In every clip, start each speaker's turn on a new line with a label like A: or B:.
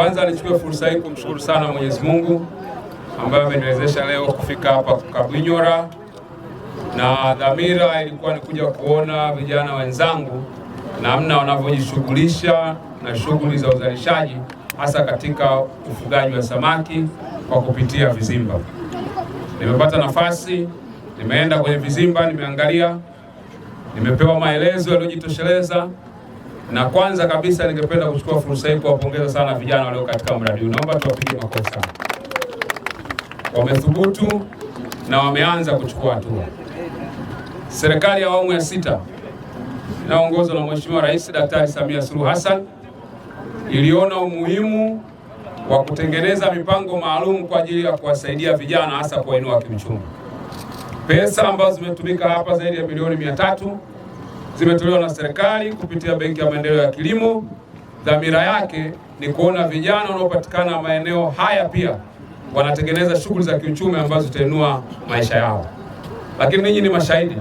A: Kwanza nichukue fursa hii kumshukuru sana Mwenyezi Mungu ambaye ameniwezesha leo kufika hapa Kabinyora, na dhamira ilikuwa ni kuja kuona vijana wenzangu namna wanavyojishughulisha na shughuli za uzalishaji hasa katika ufugaji wa samaki kwa kupitia vizimba. Nimepata nafasi, nimeenda kwenye vizimba, nimeangalia, nimepewa maelezo yaliyojitosheleza. Na kwanza kabisa ningependa kuchukua fursa hii kuwapongeza sana vijana walio katika mradi huu. Naomba tuwapige makofi sana. Wamethubutu na wameanza kuchukua hatua. Serikali ya awamu ya sita inaongozwa na Mheshimiwa Rais Daktari Samia Suluhu Hassan iliona umuhimu wa kutengeneza mipango maalum kwa ajili ya kuwasaidia vijana hasa kuwainua kiuchumi. Pesa ambazo zimetumika hapa zaidi ya milioni mia tatu zimetolewa na serikali kupitia Benki ya Maendeleo ya Kilimo. Dhamira yake ni kuona vijana wanaopatikana maeneo haya pia wanatengeneza shughuli za kiuchumi ambazo zitainua maisha yao. Lakini ninyi ni mashahidi,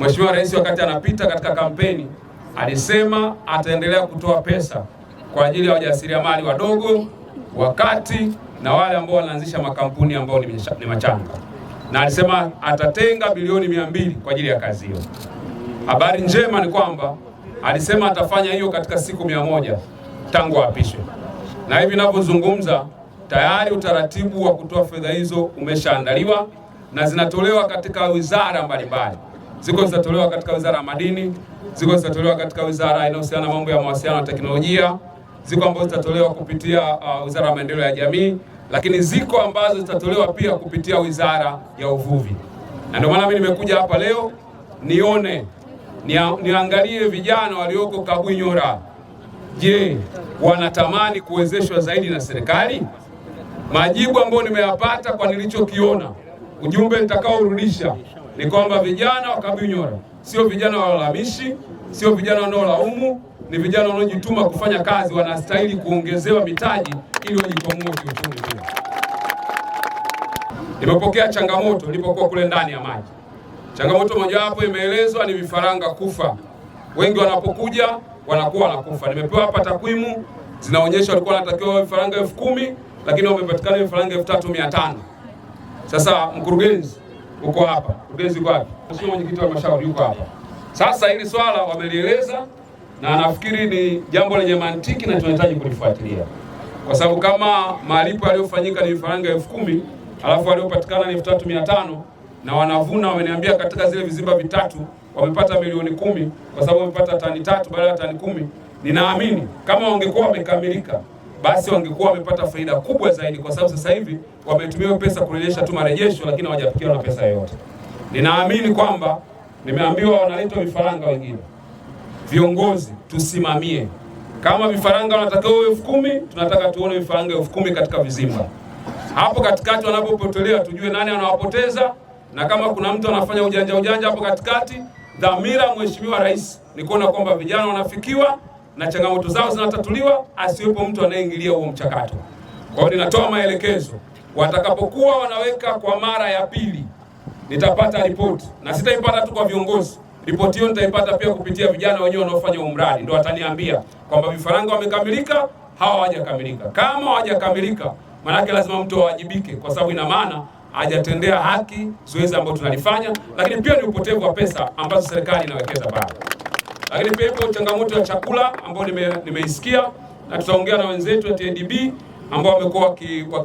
A: Mheshimiwa Rais wakati anapita katika kampeni alisema ataendelea kutoa pesa kwa ajili ya wajasiriamali wadogo, wakati na wale ambao wanaanzisha makampuni ambao ni machanga, na alisema atatenga bilioni mia mbili kwa ajili ya kazi hiyo. Habari njema ni kwamba alisema atafanya hiyo katika siku mia moja tangu apishwe, na hivi ninavyozungumza tayari utaratibu wa kutoa fedha hizo umeshaandaliwa na zinatolewa katika wizara mbalimbali. Ziko zitatolewa katika wizara ya madini, ziko zitatolewa katika wizara inayohusiana mambo ya mawasiliano na teknolojia, ziko ambazo zitatolewa kupitia uh, wizara ya maendeleo ya jamii, lakini ziko ambazo zitatolewa pia kupitia wizara ya uvuvi, na ndio maana mimi nimekuja hapa leo nione niangalie vijana walioko Kabunyora, je, wanatamani kuwezeshwa zaidi na serikali? Majibu ambayo nimeyapata kwa nilichokiona, ujumbe nitakaorudisha ni kwamba vijana wa Kabunyora sio vijana walalamishi, sio vijana wanaolaumu, ni vijana wanaojituma kufanya kazi, wanastahili kuongezewa mitaji ili wajikwamue kiuchumi. Nimepokea changamoto nilipokuwa kule ndani ya maji Changamoto mojawapo imeelezwa ni vifaranga kufa, wengi wanapokuja wanakuwa wanakufa. Nimepewa hapa takwimu zinaonyesha walikuwa wanatakiwa vifaranga elfu kumi lakini wamepatikana vifaranga elfu tatu mia tano. Sasa mkurugenzi uko hapa, mkurugenzi uko hapa, mheshimiwa mwenyekiti wa halmashauri yuko hapa. Sasa hili swala wamelieleza na nafikiri ni jambo lenye mantiki na tunahitaji kulifuatilia kwa sababu kama malipo yaliyofanyika ni vifaranga elfu kumi alafu waliopatikana ni elfu tatu mia tano na wanavuna wameniambia katika zile vizimba vitatu wamepata milioni kumi kwa sababu wamepata tani tatu badala ya tani kumi. Ninaamini kama wangekuwa wamekamilika, basi wangekuwa wamepata faida kubwa zaidi, kwa sababu sasa hivi wametumia pesa kurejesha tu marejesho, lakini hawajapikiwa na pesa yoyote. Ninaamini kwamba nimeambiwa wanaletwa vifaranga wengine. Viongozi tusimamie, kama vifaranga wanataka elfu kumi tunataka tuone vifaranga elfu kumi katika vizimba hapo katikati. Wanapopotelea tujue nani anawapoteza na kama kuna mtu anafanya ujanja ujanja hapo katikati, dhamira Mheshimiwa Rais ni kuona kwamba vijana wanafikiwa na changamoto zao zinatatuliwa, asiwepo mtu anayeingilia huo mchakato. Kwa hiyo ninatoa maelekezo, watakapokuwa wanaweka kwa mara ya pili, nitapata ripoti na sitaipata tu kwa viongozi. Ripoti hiyo nitaipata pia kupitia vijana wenyewe wanaofanya umradi, ndio wataniambia kwamba vifaranga wamekamilika, hawa hawajakamilika. Kama hawajakamilika, maanake lazima mtu awajibike, kwa sababu ina maana hajatendea haki zoezi ambalo tunalifanya, lakini pia ni upotevu wa pesa ambazo serikali inawekeza bado. Lakini pia ipo changamoto ya chakula ambayo nime, nimeisikia na tutaongea na wenzetu wa TADB ambao wamekuwa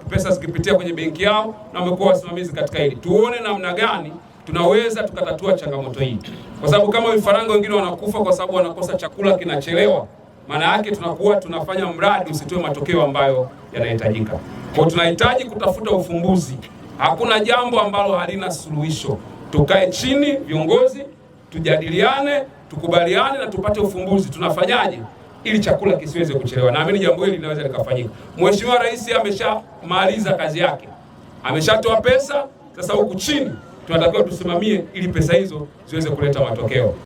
A: pesa zikipitia kwenye benki yao na wamekuwa wasimamizi katika hili, tuone namna gani tunaweza tukatatua changamoto hii, kwa sababu kama vifaranga wengine wanakufa kwa sababu wanakosa chakula kinachelewa, maana yake tunakuwa tunafanya mradi usitoe matokeo ambayo yanahitajika. Kwa tunahitaji kutafuta ufumbuzi. Hakuna jambo ambalo halina suluhisho. Tukae chini viongozi, tujadiliane, tukubaliane na tupate ufumbuzi. Tunafanyaje ili chakula kisiweze kuchelewa? Naamini jambo hili linaweza likafanyika. Mheshimiwa Rais ameshamaliza kazi yake, ameshatoa pesa. Sasa huku chini tunatakiwa tusimamie ili pesa hizo ziweze kuleta matokeo.